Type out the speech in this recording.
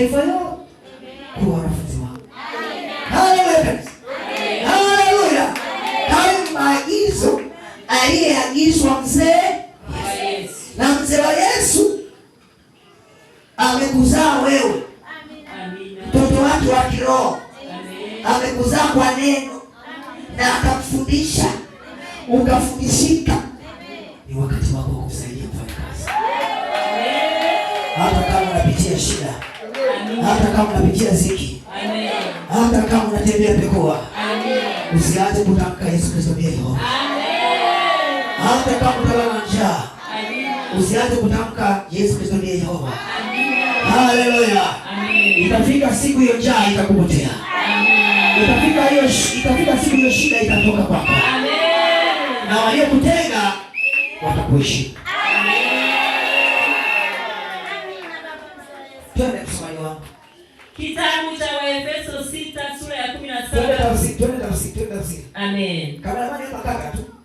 taifa hilo kuwa wanafunzi wako. Haleluya! Haleluya! maagizo aliyeagizwa mzee na mzee wa Yesu amekuzaa wewe, mtoto wake wa kiroho amekuzaa kwa neno na akamfundisha, ukafundishika. Ni wakati wako wa kusaidia kufanya kazi, hata kama unapitia shida hata kama unapitia ziki, hata kama unatembea pekoa, usiache kutamka Yesu Kristo ndiye Yehova. Hata kama utalala njaa, usiache kutamka Yesu Kristo ndiye Yehova. Haleluya! Itafika siku hiyo njaa itakupotea, itafika hiyo, itafika siku hiyo shida itatoka kwako, na waliokutenga watakuishi. Amen. Amen. Kitabu cha Waefeso sita sura ya 17. Twende tafsiri, tafsiri, Amen. Kama hapa kaka tu.